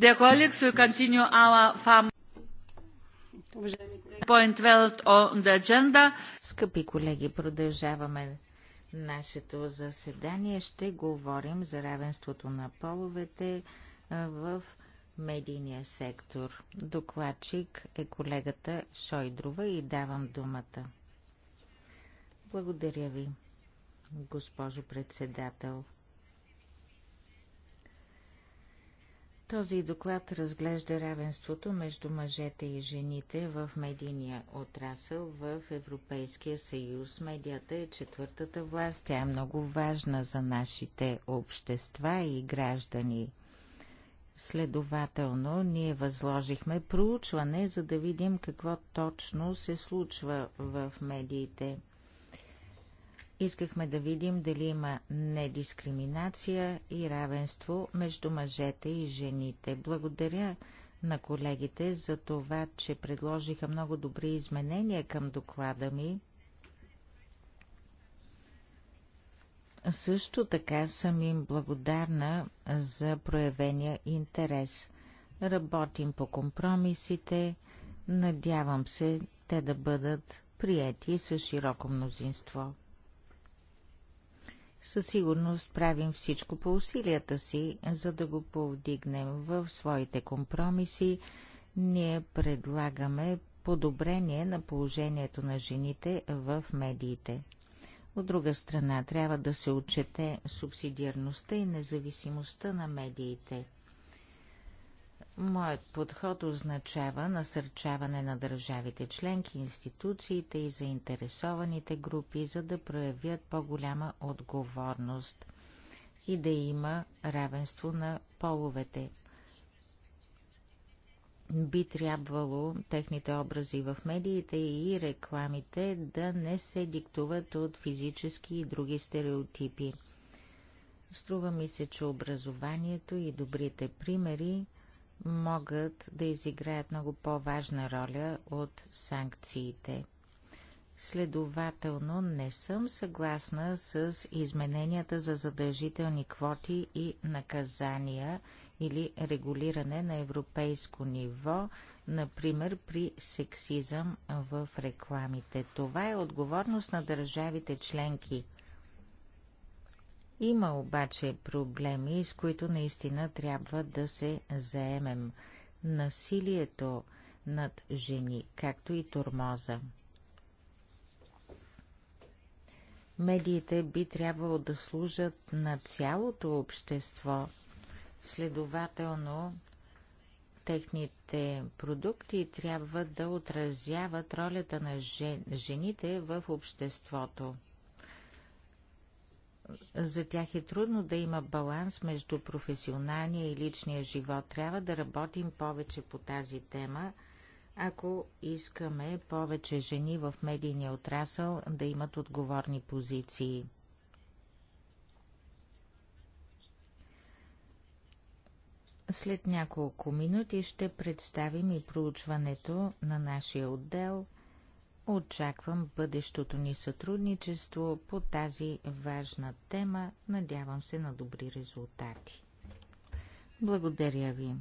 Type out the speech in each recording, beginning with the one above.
Dear colleagues, we continue our farm. Point 12 on the agenda. Скъпи колеги, продължаваме нашето заседание. Ще говорим за равенството на половете в медийния сектор. Докладчик е колегата Шойдрова и давам думата. Благодаря ви, госпожо председател. Този доклад разглежда равенството между мъжете и жените в медийния отрасъл в Европейския съюз. Медията е четвъртата власт. Тя е много важна за нашите общества и граждани. Следователно, ние възложихме проучване, за да видим какво точно се случва в медиите. Искахме да видим дали има недискриминация и равенство между мъжете и жените. Благодаря на колегите за това, че предложиха много добри изменения към доклада ми. Също така съм им благодарна за проявения интерес. Работим по компромисите. Надявам се те да бъдат приети с широко мнозинство със сигурност правим всичко по усилията си, за да го повдигнем в своите компромиси. Ние предлагаме подобрение на положението на жените в медиите. От друга страна, трябва да се отчете субсидиарността и независимостта на медиите – Моят подход означава насърчаване на държавите членки, институциите и заинтересованите групи, за да проявят по-голяма отговорност и да има равенство на половете. Би трябвало техните образи в медиите и рекламите да не се диктуват от физически и други стереотипи. Струва ми се, че образованието и добрите примери могат да изиграят много по-важна роля от санкциите. Следователно не съм съгласна с измененията за задължителни квоти и наказания или регулиране на европейско ниво, например при сексизъм в рекламите. Това е отговорност на държавите членки – има обаче проблеми, с които наистина трябва да се заемем. Насилието над жени, както и турмоза. Медиите би трябвало да служат на цялото общество. Следователно, техните продукти трябва да отразяват ролята на жените в обществото за тях е трудно да има баланс между професионалния и личния живот. Трябва да работим повече по тази тема, ако искаме повече жени в медийния отрасъл да имат отговорни позиции. След няколко минути ще представим и проучването на нашия отдел – Очаквам бъдещото ни сътрудничество по тази важна тема. Надявам се на добри резултати. Благодаря ви,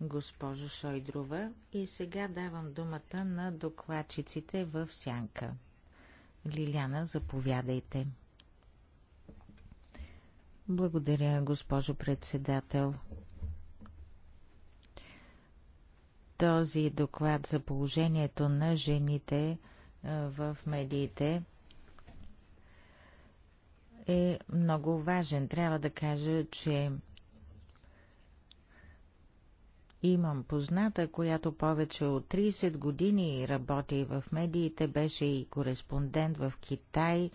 госпожо Шойдрова. И сега давам думата на докладчиците в сянка. Лиляна, заповядайте. Благодаря, госпожо председател. този доклад за положението на жените в медиите е много важен. Трябва да кажа, че Имам позната, която повече от 30 години работи в медиите, беше и кореспондент в Китай.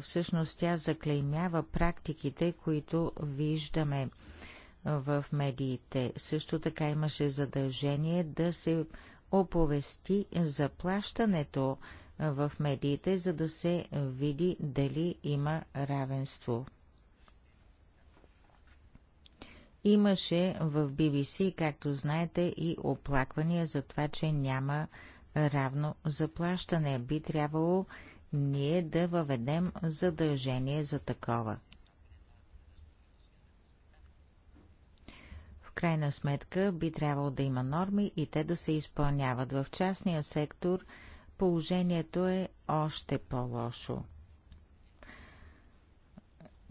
Всъщност тя заклеймява практиките, които виждаме в медиите. Също така имаше задължение да се оповести заплащането в медиите, за да се види дали има равенство. Имаше в BBC, както знаете, и оплаквания за това, че няма равно заплащане. Би трябвало ние да въведем задължение за такова. крайна сметка би трябвало да има норми и те да се изпълняват. В частния сектор положението е още по-лошо.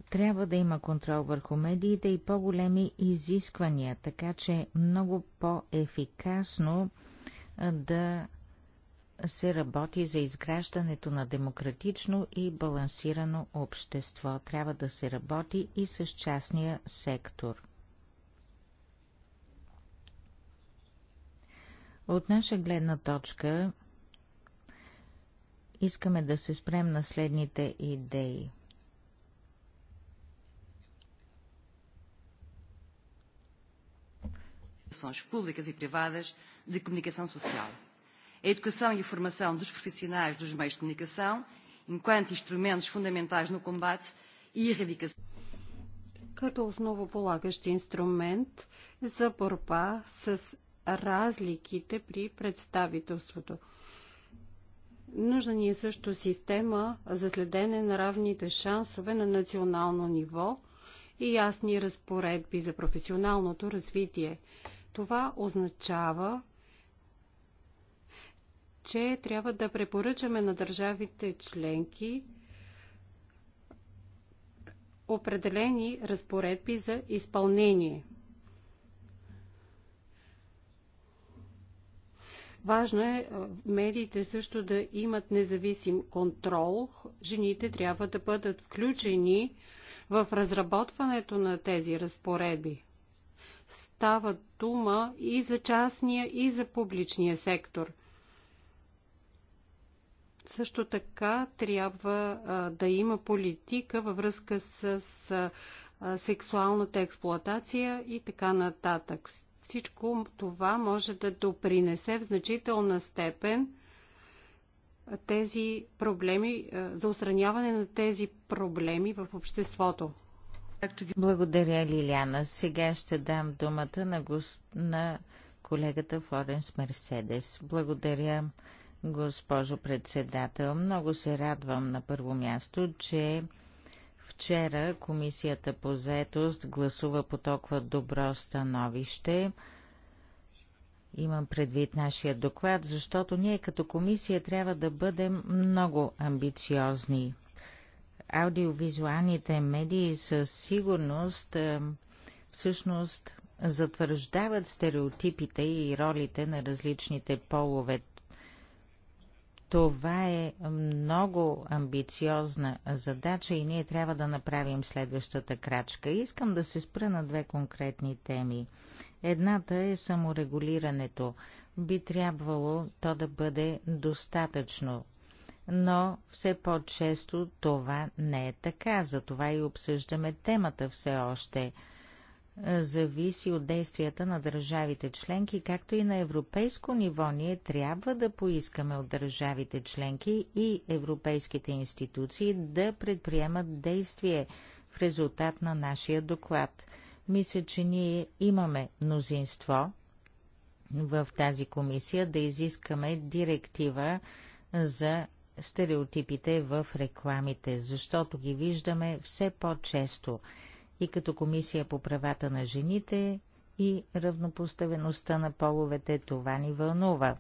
Трябва да има контрол върху медиите и по-големи изисквания, така че много по-ефикасно да се работи за изграждането на демократично и балансирано общество. Трябва да се работи и с частния сектор. От наша гледна точка искаме да се спрем на следните идеи. públicas e privadas de comunicação social. A educação e a formação dos profissionais dos meios de comunicação enquanto instrumentos fundamentais no combate e erradicação. Като основополагащ инструмент за борба с разликите при представителството. Нужна ни е също система за следене на равните шансове на национално ниво и ясни разпоредби за професионалното развитие. Това означава, че трябва да препоръчаме на държавите членки определени разпоредби за изпълнение. Важно е медиите също да имат независим контрол. Жените трябва да бъдат включени в разработването на тези разпоредби. Става дума и за частния, и за публичния сектор. Също така трябва да има политика във връзка с сексуалната експлоатация и така нататък всичко това може да допринесе в значителна степен тези проблеми, за устраняване на тези проблеми в обществото. Благодаря, Лиляна. Сега ще дам думата на, гос... на колегата Флоренс Мерседес. Благодаря, госпожо председател. Много се радвам на първо място, че Вчера Комисията по заетост гласува по толкова добро становище. Имам предвид нашия доклад, защото ние като комисия трябва да бъдем много амбициозни. Аудиовизуалните медии със сигурност е, всъщност затвърждават стереотипите и ролите на различните полове. Това е много амбициозна задача и ние трябва да направим следващата крачка. Искам да се спра на две конкретни теми. Едната е саморегулирането. Би трябвало то да бъде достатъчно, но все по-често това не е така, затова и обсъждаме темата все още – зависи от действията на държавите членки, както и на европейско ниво. Ние трябва да поискаме от държавите членки и европейските институции да предприемат действие в резултат на нашия доклад. Мисля, че ние имаме мнозинство в тази комисия да изискаме директива за стереотипите в рекламите, защото ги виждаме все по-често – и като Комисия по правата на жените и равнопоставеността на половете. Това ни вълнува.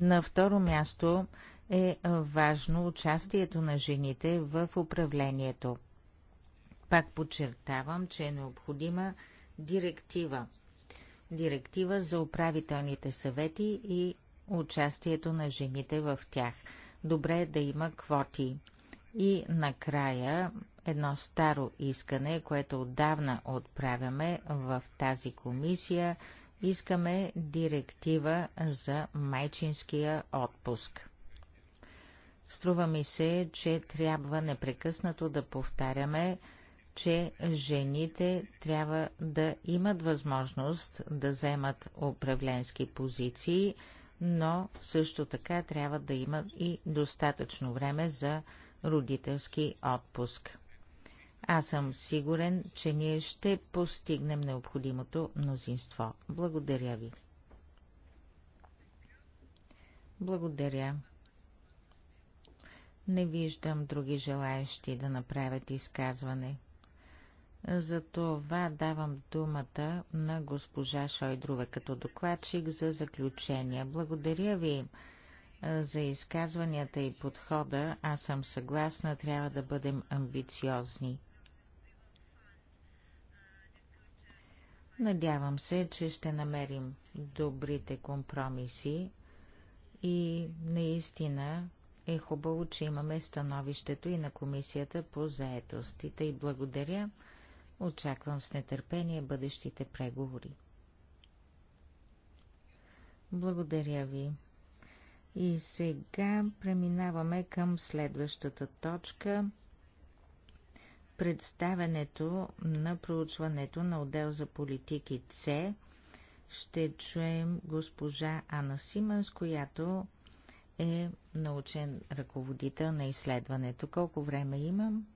На второ място е важно участието на жените в управлението. Пак подчертавам, че е необходима директива. Директива за управителните съвети и участието на жените в тях. Добре е да има квоти. И накрая едно старо искане, което отдавна отправяме в тази комисия. Искаме директива за майчинския отпуск. Струва ми се, че трябва непрекъснато да повтаряме, че жените трябва да имат възможност да вземат управленски позиции, но също така трябва да имат и достатъчно време за родителски отпуск. Аз съм сигурен, че ние ще постигнем необходимото мнозинство. Благодаря ви. Благодаря. Не виждам други желаещи да направят изказване. Затова давам думата на госпожа Шойдрува като докладчик за заключение. Благодаря ви за изказванията и подхода. Аз съм съгласна, трябва да бъдем амбициозни. Надявам се, че ще намерим добрите компромиси и наистина е хубаво, че имаме становището и на комисията по заетостите и благодаря. Очаквам с нетърпение бъдещите преговори. Благодаря ви. И сега преминаваме към следващата точка – представянето на проучването на отдел за политики С ще чуем госпожа Ана Симънс, която е научен ръководител на изследването. Колко време имам?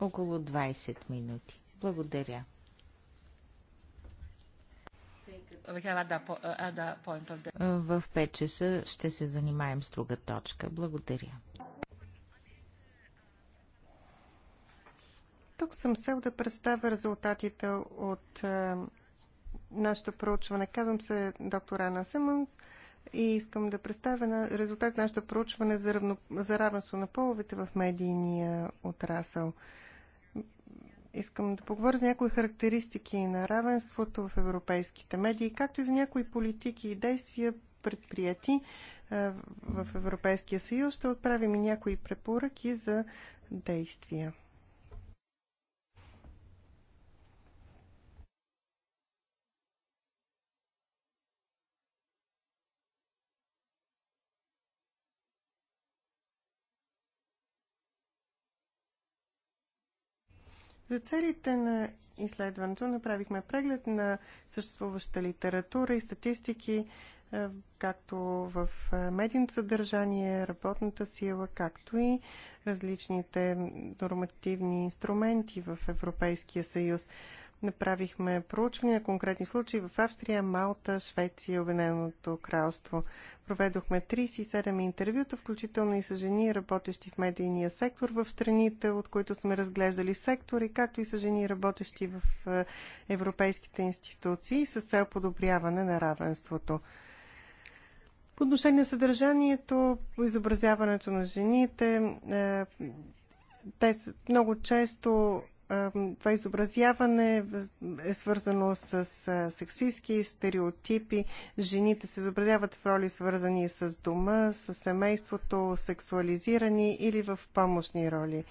Около 20 минути. Благодаря. В 5 часа ще се занимаем с друга точка. Благодаря. Тук съм цел да представя резултатите от е, нашето проучване. Казвам се доктор Ана Симонс, и искам да представя на резултат на нашето проучване за, равно, за равенство на половите в медийния отрасъл. Искам да поговоря за някои характеристики на равенството в европейските медии, както и за някои политики и действия предприяти е, в Европейския съюз. Ще отправим и някои препоръки за действия. За целите на изследването направихме преглед на съществуваща литература и статистики, е, както в е, медийното съдържание, работната сила, както и различните нормативни инструменти в Европейския съюз. Направихме проучвания на конкретни случаи в Австрия, Малта, Швеция и Обединеното кралство. Проведохме 37 интервюта, включително и с жени, работещи в медийния сектор в страните, от които сме разглеждали сектори, както и с жени, работещи в е, европейските институции, с цел подобряване на равенството. По отношение на съдържанието, по изобразяването на жените, е, те много често това изобразяване е свързано с сексистски стереотипи. Жените се изобразяват в роли свързани с дома, с семейството, сексуализирани или в помощни роли.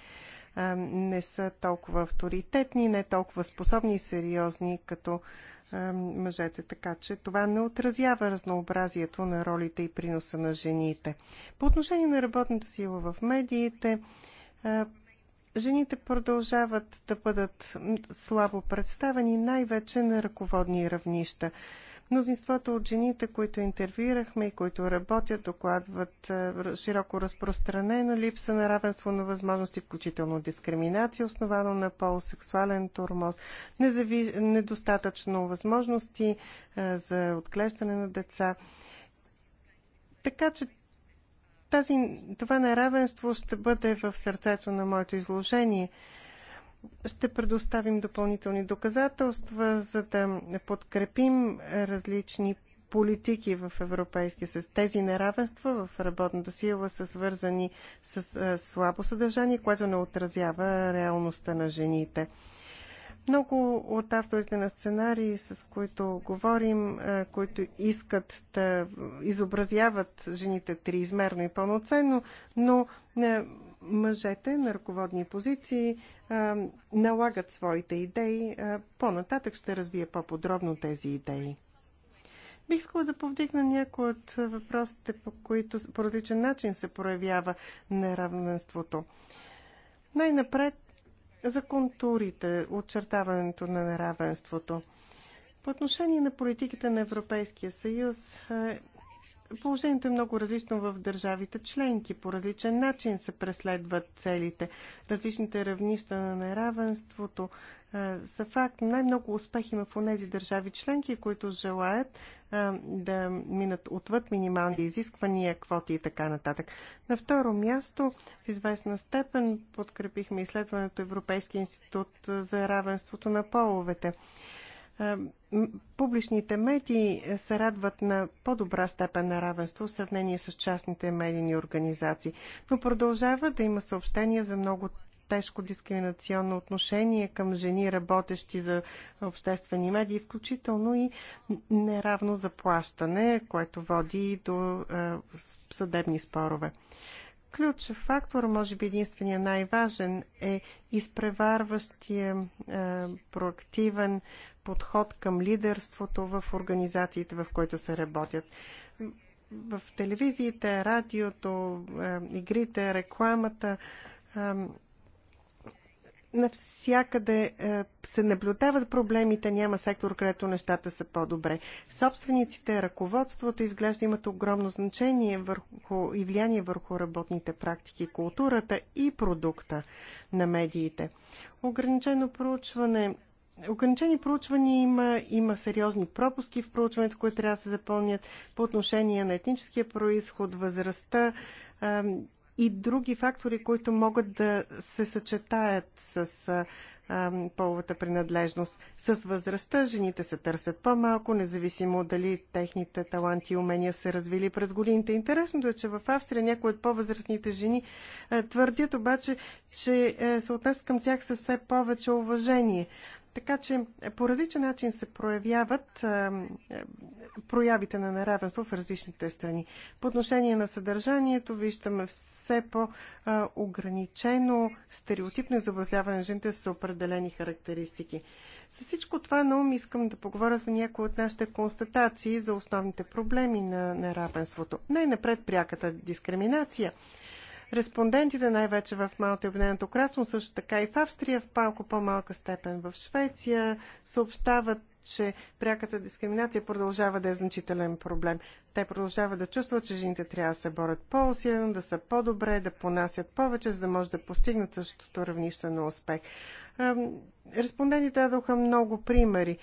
Не са толкова авторитетни, не толкова способни и сериозни като мъжете, така че това не отразява разнообразието на ролите и приноса на жените. По отношение на работната сила в медиите, жените продължават да бъдат слабо представени, най-вече на ръководни равнища. Мнозинството от жените, които интервюирахме и които работят, докладват е, широко разпространено липса на равенство на възможности, включително дискриминация, основано на пол, сексуален турмоз, незави... недостатъчно възможности е, за отглеждане на деца. Така че тази, това неравенство ще бъде в сърцето на моето изложение. Ще предоставим допълнителни доказателства, за да подкрепим различни политики в Европейския с Тези неравенства в работната сила са свързани с слабо съдържание, което не отразява реалността на жените. Много от авторите на сценарии, с които говорим, е, които искат да изобразяват жените триизмерно и пълноценно, но е, мъжете на ръководни позиции е, налагат своите идеи. По-нататък ще развия по-подробно тези идеи. Бих искала да повдигна някои от въпросите, по които по различен начин се проявява неравенството. Най-напред за контурите, очертаването на неравенството. По отношение на политиките на Европейския съюз, е, положението е много различно в държавите членки. По различен начин се преследват целите. Различните равнища на неравенството е, са факт. Най-много успех има в тези държави членки, които желаят да минат отвъд минимални изисквания, квоти и така нататък. На второ място, в известна степен подкрепихме изследването Европейски институт за равенството на половете. Публичните медии се радват на по-добра степен на равенство в сравнение с частните медийни организации, но продължава да има съобщения за много тежко дискриминационно отношение към жени, работещи за обществени медии, включително и неравно заплащане, което води и до е, съдебни спорове. Ключов фактор, може би единствения най-важен, е изпреварващия е, проактивен подход към лидерството в организациите, в които се работят в телевизиите, радиото, е, игрите, рекламата, Навсякъде е, се наблюдават проблемите, няма сектор, където нещата са по-добре. Собствениците, ръководството изглежда имат огромно значение върху, и влияние върху работните практики, културата и продукта на медиите. Ограничено проучване Ограничени проучвания има, има сериозни пропуски в проучването, които трябва да се запълнят по отношение на етническия происход, възрастта, и други фактори, които могат да се съчетаят с половата принадлежност. С възрастта жените се търсят по-малко, независимо дали техните таланти и умения са развили през годините. Интересното е, че в Австрия някои от по-възрастните жени твърдят обаче, че се отнесат към тях със все повече уважение. Така че е, по различен начин се проявяват а, е, е, проявите на неравенство в различните страни. По отношение на съдържанието виждаме все по-ограничено стереотипно изобразяване на жените с определени характеристики. С всичко това на ум искам да поговоря за някои от нашите констатации за основните проблеми на неравенството. Най-напред пряката дискриминация – респондентите най-вече в Малта и Обединеното кралство, също така и в Австрия в малко по-малка степен. В Швеция съобщават, че пряката дискриминация продължава да е значителен проблем. Те продължават да чувстват, че жените трябва да се борят по-усилено, да са по-добре, да понасят повече, за да може да постигнат същото равнище на успех. Респондентите дадоха много примери.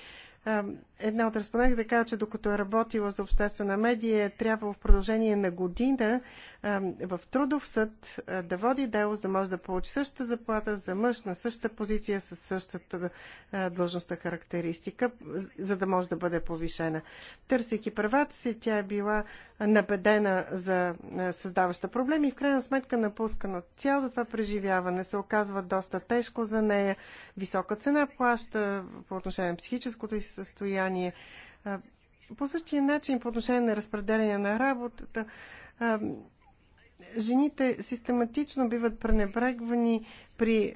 Една от да кажа, че докато е работила за обществена медия, е трябва в продължение на година в трудов съд да води дело, за да може да получи същата заплата за мъж на същата позиция с същата длъжността характеристика, за да може да бъде повишена. Търсейки правата си, тя е била набедена за създаваща проблеми и в крайна сметка напускана. Цялото това преживяване се оказва доста тежко за нея. Висока цена плаща по отношение на психическото и състояние. По същия начин, по отношение на разпределение на работата, жените систематично биват пренебрегвани при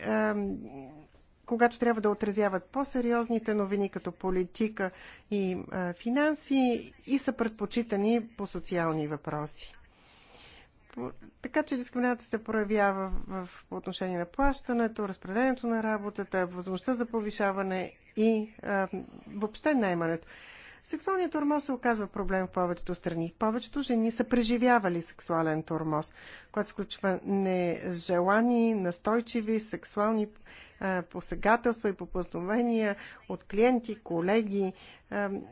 когато трябва да отразяват по-сериозните новини като политика и а, финанси и са предпочитани по социални въпроси. По, така че дискриминацията се проявява в, в, по отношение на плащането, разпределението на работата, възможността за повишаване и а, въобще наймането. Сексуалният тормоз се оказва проблем в повечето страни. Повечето жени са преживявали сексуален тормоз, който сключва нежелани, настойчиви сексуални посегателства и попълзновения от клиенти, колеги.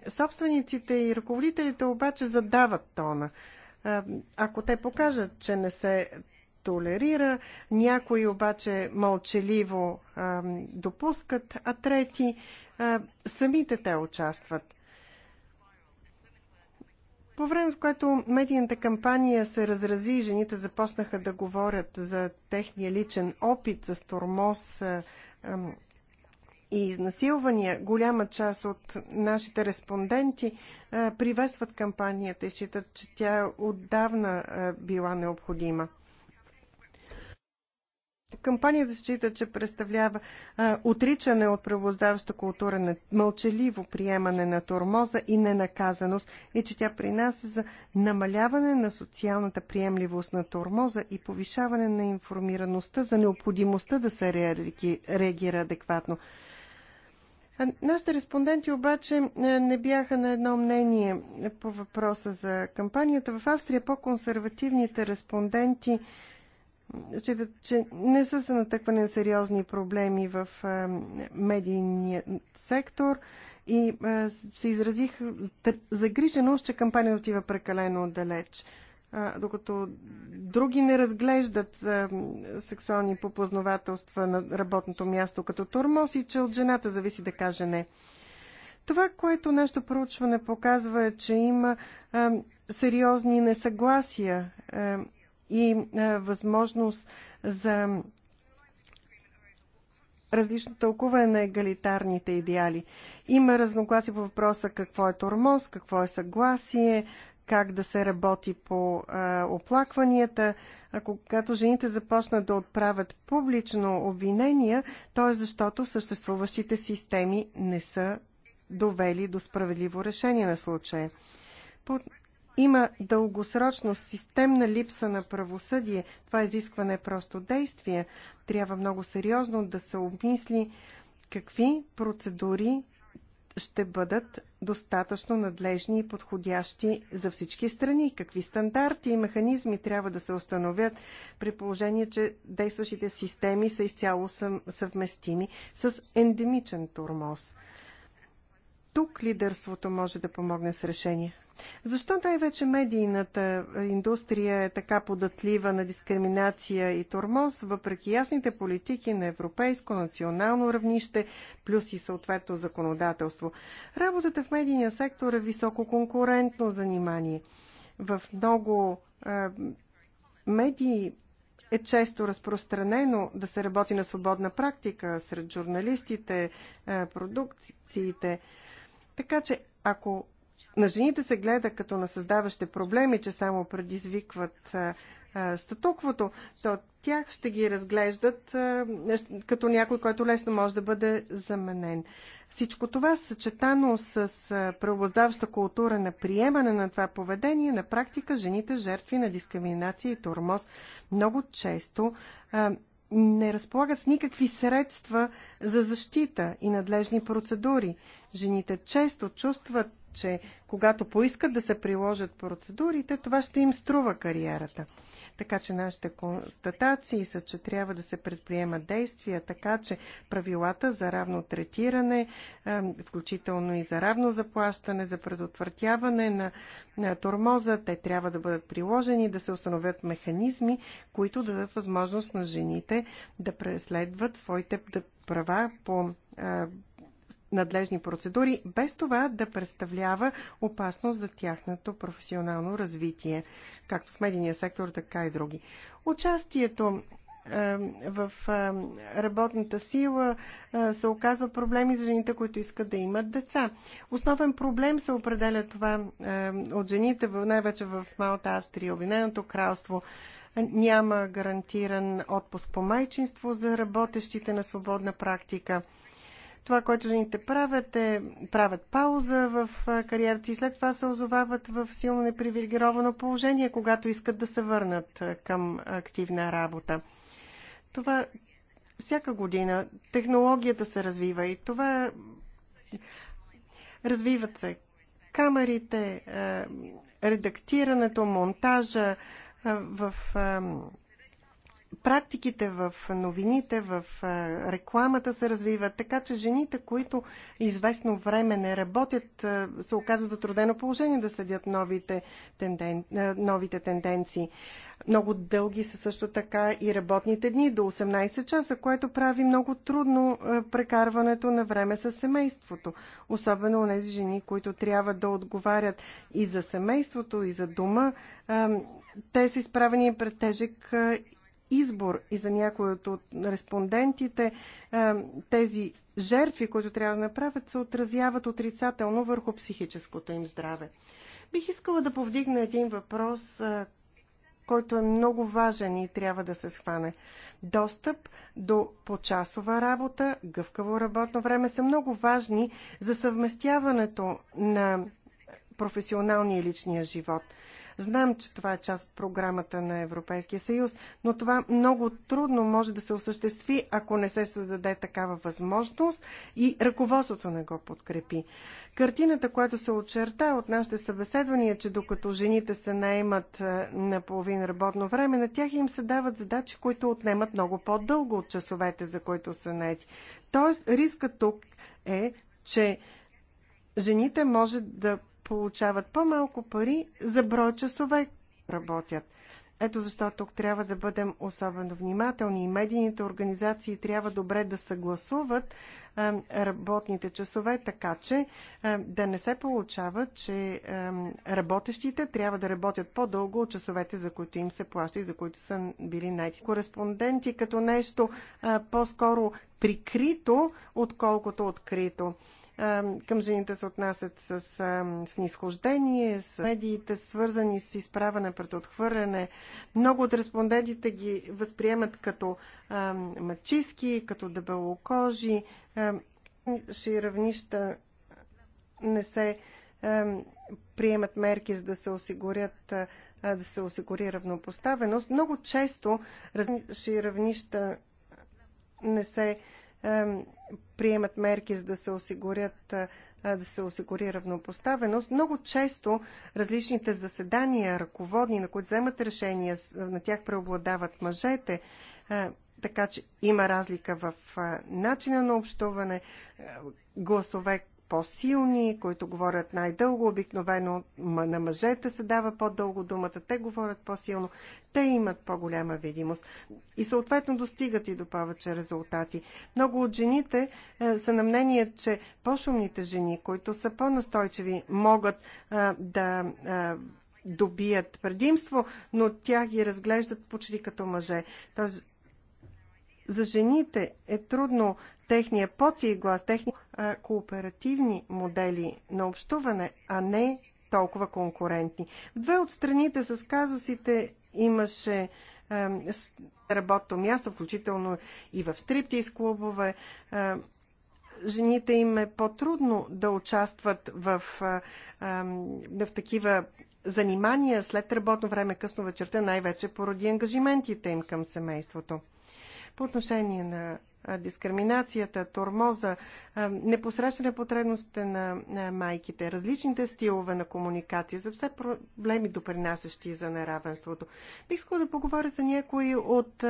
Собствениците и ръководителите обаче задават тона. Ако те покажат, че не се толерира, някои обаче мълчаливо допускат, а трети самите те участват. По време, в което медийната кампания се разрази и жените започнаха да говорят за техния личен опит с тормоз и изнасилвания, голяма част от нашите респонденти приветстват кампанията и считат, че тя отдавна била необходима кампанията се счита, че представлява а, отричане от правоздаваща култура на мълчаливо приемане на тормоза и ненаказаност и че тя принася за намаляване на социалната приемливост на тормоза и повишаване на информираността за необходимостта да се реагира адекватно. Нашите респонденти обаче не бяха на едно мнение по въпроса за кампанията. В Австрия по-консервативните респонденти считат, че не са се натъквани на сериозни проблеми в медийния сектор и се изразих загриженост, че кампанията отива прекалено далеч. Докато други не разглеждат сексуални попознавателства на работното място като турмоз и че от жената зависи да каже не. Това, което нашето проучване показва е, че има а, сериозни несъгласия а, и възможност за различно тълкуване на егалитарните идеали. Има разногласие по въпроса какво е тормоз, какво е съгласие, как да се работи по а, оплакванията. А когато жените започнат да отправят публично обвинения, то е защото съществуващите системи не са довели до справедливо решение на случая. По има дългосрочно системна липса на правосъдие. Това изискване е просто действие. Трябва много сериозно да се обмисли какви процедури ще бъдат достатъчно надлежни и подходящи за всички страни? Какви стандарти и механизми трябва да се установят при положение, че действащите системи са изцяло съвместими с ендемичен турмоз? Тук лидерството може да помогне с решение. Защо най-вече медийната индустрия е така податлива на дискриминация и тормоз, въпреки ясните политики на европейско, национално равнище, плюс и съответно законодателство? Работата в медийния сектор е високо конкурентно занимание. В много е, медии е често разпространено да се работи на свободна практика сред журналистите, е, продукциите. Така че, ако на жените се гледа като на създаващи проблеми, че само предизвикват статуквото, то тях ще ги разглеждат като някой, който лесно може да бъде заменен. Всичко това съчетано с преобладаваща култура на приемане на това поведение, на практика жените жертви на дискриминация и тормоз много често не разполагат с никакви средства за защита и надлежни процедури. Жените често чувстват че когато поискат да се приложат процедурите, това ще им струва кариерата. Така че нашите констатации са, че трябва да се предприемат действия, така че правилата за равно третиране, включително и за равно заплащане, за предотвратяване на, на тормоза, те трябва да бъдат приложени, да се установят механизми, които дадат възможност на жените да преследват своите права по надлежни процедури, без това да представлява опасност за тяхното професионално развитие, както в медийния сектор, така и други. Участието в работната сила се оказва проблеми за жените, които искат да имат деца. Основен проблем се определя това от жените, най-вече в Малта, Австрия, Обединеното кралство. Няма гарантиран отпуск по майчинство за работещите на свободна практика това, което жените правят е правят пауза в кариерата и след това се озовават в силно непривилегировано положение, когато искат да се върнат към активна работа. Това всяка година технологията се развива и това развиват се камерите, редактирането, монтажа в практиките в новините, в рекламата се развиват, така че жените, които известно време не работят, се оказват затрудено положение да следят новите, тенден... новите тенденции. Много дълги са също така и работните дни до 18 часа, което прави много трудно прекарването на време с семейството. Особено у тези жени, които трябва да отговарят и за семейството, и за дома. Те са изправени пред тежък избор и за някои от респондентите е, тези жертви, които трябва да направят, се отразяват отрицателно върху психическото им здраве. Бих искала да повдигна един въпрос, е, който е много важен и трябва да се схване. Достъп до почасова работа, гъвкаво работно време са много важни за съвместяването на професионалния и личния живот. Знам, че това е част от програмата на Европейския съюз, но това много трудно може да се осъществи, ако не се създаде такава възможност и ръководството не го подкрепи. Картината, която се очерта от нашите събеседвания, че докато жените се наемат е, на половин работно време, на тях им се дават задачи, които отнемат много по-дълго от часовете, за които са наети. Тоест, риска тук е, че жените може да получават по-малко пари за брой часове работят. Ето защо тук трябва да бъдем особено внимателни и медийните организации трябва добре да съгласуват работните часове, така че да не се получава, че работещите трябва да работят по-дълго от часовете, за които им се плаща и за които са били най Кореспонденти като нещо по-скоро прикрито, отколкото открито. Към жените се отнасят с снисхождение, с медиите, свързани с изправане пред отхвърляне. Много от респондентите ги възприемат като мачиски, като дебелокожи. Ши равнища не се приемат мерки, за да се осигурят да се осигури равнопоставеност. Много често различни равнища не се приемат мерки, за да се осигурят е, е, да се осигури равнопоставеност. Много често различните заседания, ръководни, на които вземат решения, на тях преобладават мъжете, е, така че има разлика в начина на общуване, гласове, по-силни, които говорят най-дълго, обикновено на мъжете се дава по-дълго думата, те говорят по-силно, те имат по-голяма видимост и съответно достигат и до повече резултати. Много от жените е, са на мнение, че по-шумните жени, които са по-настойчиви, могат е, да е, добият предимство, но тя ги разглеждат почти като мъже. Тоест, за жените е трудно техния и глас, техни а, кооперативни модели на общуване, а не толкова конкурентни. В две от страните с казусите имаше а, работно място, включително и в стриптиз клубове. А, жените им е по-трудно да участват в, а, а, в такива занимания след работно време, късно вечерта, най-вече поради ангажиментите им към семейството по отношение на дискриминацията, тормоза, непосрещане потребностите на майките, различните стилове на комуникация, за все проблеми допринасящи за неравенството. Бих искала да поговоря за някои от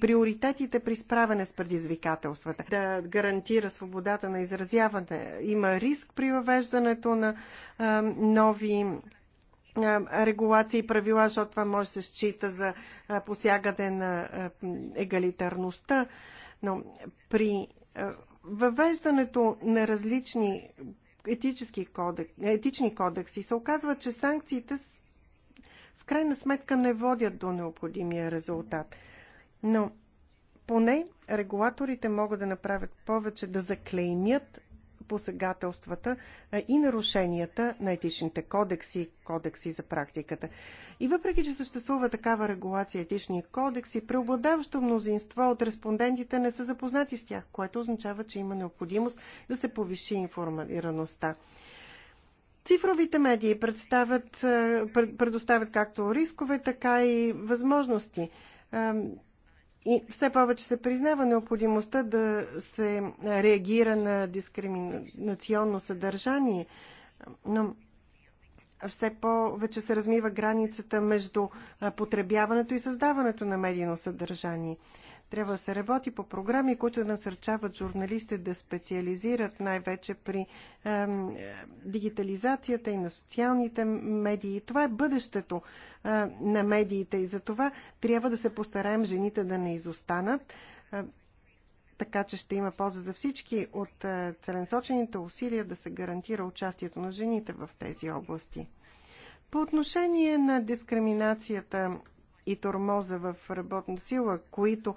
приоритетите при справяне с предизвикателствата. Да гарантира свободата на изразяване. Има риск при въвеждането на нови регулации и правила, защото това може да се счита за посягане на егалитарността. Но при въвеждането на различни етически кодек, етични кодекси се оказва, че санкциите в крайна сметка не водят до необходимия резултат. Но поне регулаторите могат да направят повече да заклеймят посегателствата и нарушенията на етичните кодекси, кодекси за практиката. И въпреки, че съществува такава регулация етични кодекси, преобладаващо мнозинство от респондентите не са запознати с тях, което означава, че има необходимост да се повиши информираността. Цифровите медии представят, предоставят както рискове, така и възможности и все повече се признава необходимостта да се реагира на дискриминационно съдържание, но все повече се размива границата между потребяването и създаването на медийно съдържание. Трябва да се работи по програми, които насърчават журналисти да специализират най-вече при е, е, дигитализацията и на социалните медии. Това е бъдещето е, на медиите и за това трябва да се постараем жените да не изостанат. Е, така че ще има полза за всички от е, целенсочените усилия да се гарантира участието на жените в тези области. По отношение на дискриминацията и тормоза в работна сила, които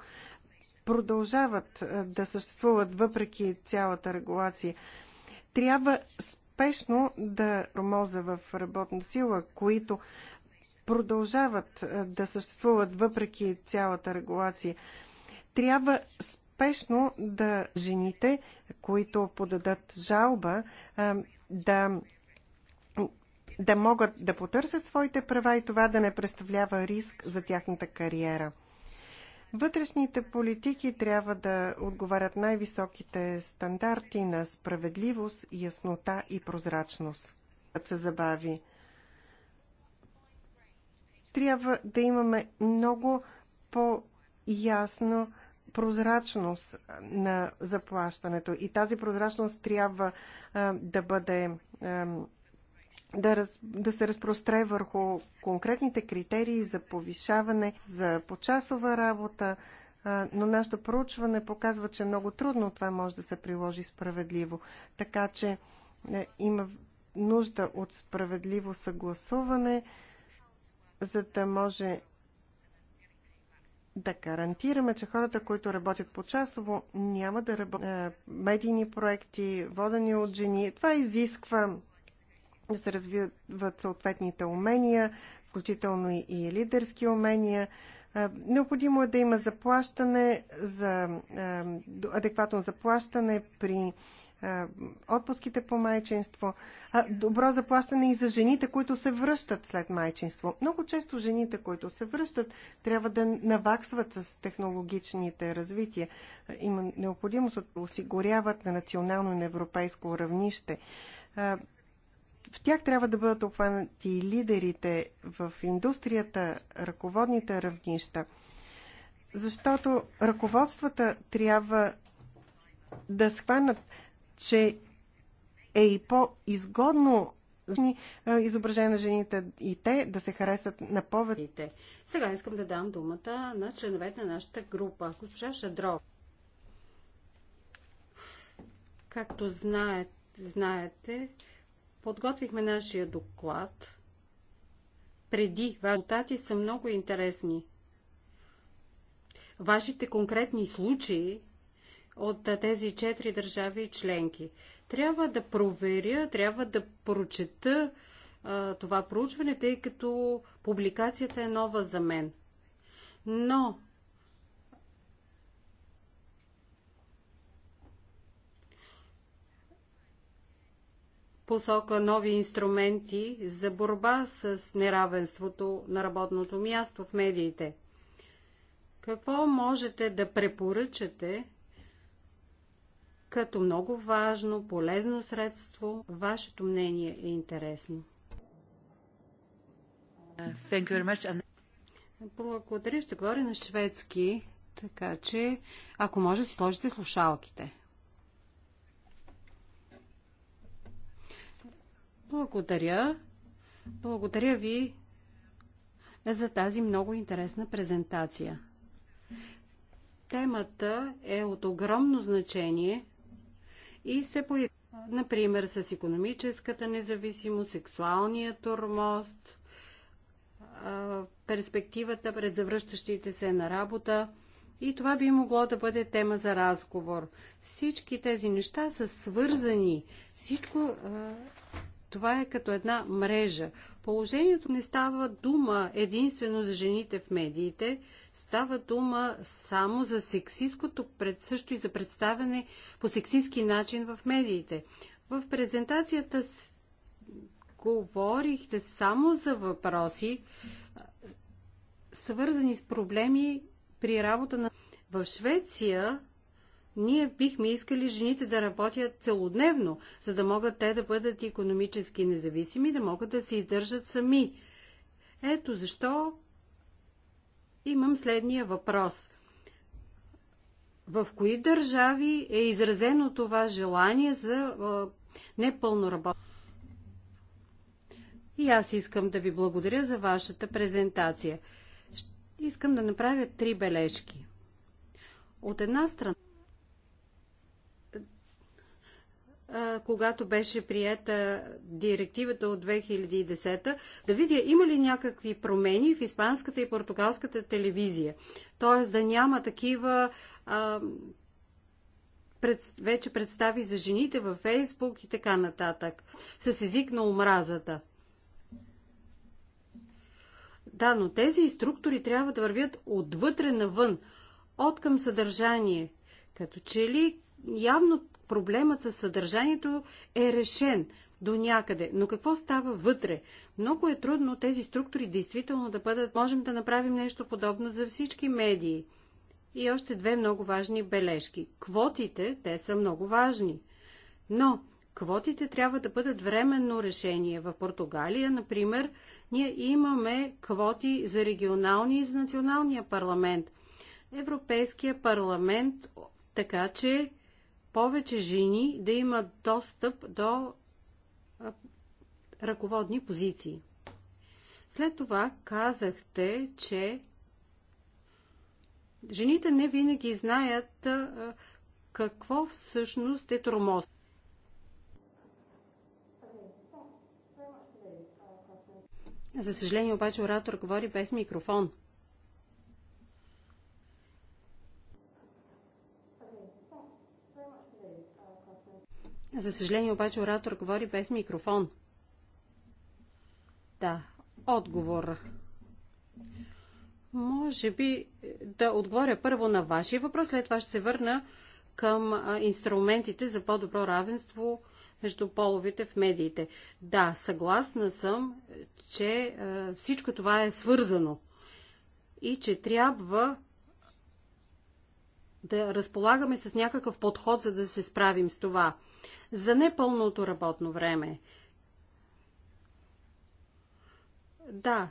продължават да съществуват въпреки цялата регулация. Трябва спешно да тормоза в работна сила, които продължават да съществуват въпреки цялата регулация. Трябва спешно да жените, които подадат жалба, да да могат да потърсят своите права и това да не представлява риск за тяхната кариера. Вътрешните политики трябва да отговарят най-високите стандарти на справедливост, яснота и прозрачност. Да се забави. Трябва да имаме много по-ясно прозрачност на заплащането и тази прозрачност трябва а, да бъде а, да, раз, да се разпростре върху конкретните критерии за повишаване, за почасова работа, но нашето проучване показва, че много трудно това може да се приложи справедливо. Така че е, има нужда от справедливо съгласуване, за да може да гарантираме, че хората, които работят по-часово, няма да работят е, медийни проекти, водени от жени. Това изисква да се развиват съответните умения, включително и лидерски умения. Необходимо е да има заплащане за адекватно заплащане при отпуските по майчинство, добро заплащане и за жените, които се връщат след майчинство. Много често жените, които се връщат, трябва да наваксват с технологичните развития. Има необходимост да осигуряват на национално и на европейско равнище. В тях трябва да бъдат обхванати лидерите в индустрията, ръководните равнища, защото ръководствата трябва да схванат, че е и по-изгодно изображение на жените и те да се харесат на повече. Сега искам да дам думата на членовете на нашата група. Госпожа Шадров. Както знаете, знаете Подготвихме нашия доклад преди. Резултати са много интересни. Вашите конкретни случаи от тези четири държави и членки. Трябва да проверя, трябва да прочета а, това проучване, тъй като публикацията е нова за мен. Но посока нови инструменти за борба с неравенството на работното място в медиите. Какво можете да препоръчате като много важно, полезно средство? Вашето мнение е интересно. Благодаря. Ще говоря на шведски, така че ако може да сложите слушалките. Благодаря. Благодаря ви за тази много интересна презентация. Темата е от огромно значение и се появи, например, с економическата независимост, сексуалния тормоз, перспективата пред завръщащите се на работа. И това би могло да бъде тема за разговор. Всички тези неща са свързани. Всичко това е като една мрежа. Положението не става дума единствено за жените в медиите, става дума само за сексистското, пред, също и за представяне по сексистски начин в медиите. В презентацията с... говорихте само за въпроси, свързани с проблеми при работа на... В Швеция ние бихме искали жените да работят целодневно, за да могат те да бъдат економически независими, да могат да се издържат сами. Ето защо имам следния въпрос. В кои държави е изразено това желание за непълно работа? И аз искам да ви благодаря за вашата презентация. Искам да направя три бележки. От една страна, когато беше приета директивата от 2010, да видя има ли някакви промени в испанската и португалската телевизия. Тоест да няма такива а, пред, вече представи за жените във Фейсбук и така нататък. С език на омразата. Да, но тези структури трябва да вървят отвътре навън, от към съдържание. Като че ли явно проблемът със съдържанието е решен до някъде. Но какво става вътре? Много е трудно тези структури действително да бъдат. Можем да направим нещо подобно за всички медии. И още две много важни бележки. Квотите, те са много важни. Но квотите трябва да бъдат временно решение. В Португалия, например, ние имаме квоти за регионални и за националния парламент. Европейския парламент, така че повече жени да имат достъп до ръководни позиции. След това казахте, че жените не винаги знаят какво всъщност е тромоз. За съжаление обаче оратор говори без микрофон. За съжаление обаче оратор говори без микрофон. Да, отговор. Може би е, да отговоря първо на вашия въпрос, след това ще се върна към инструментите за по-добро равенство между половите в медиите. Да, съгласна съм, че е, всичко това е свързано и че трябва да разполагаме с някакъв подход, за да се справим с това – за непълното работно време. Да,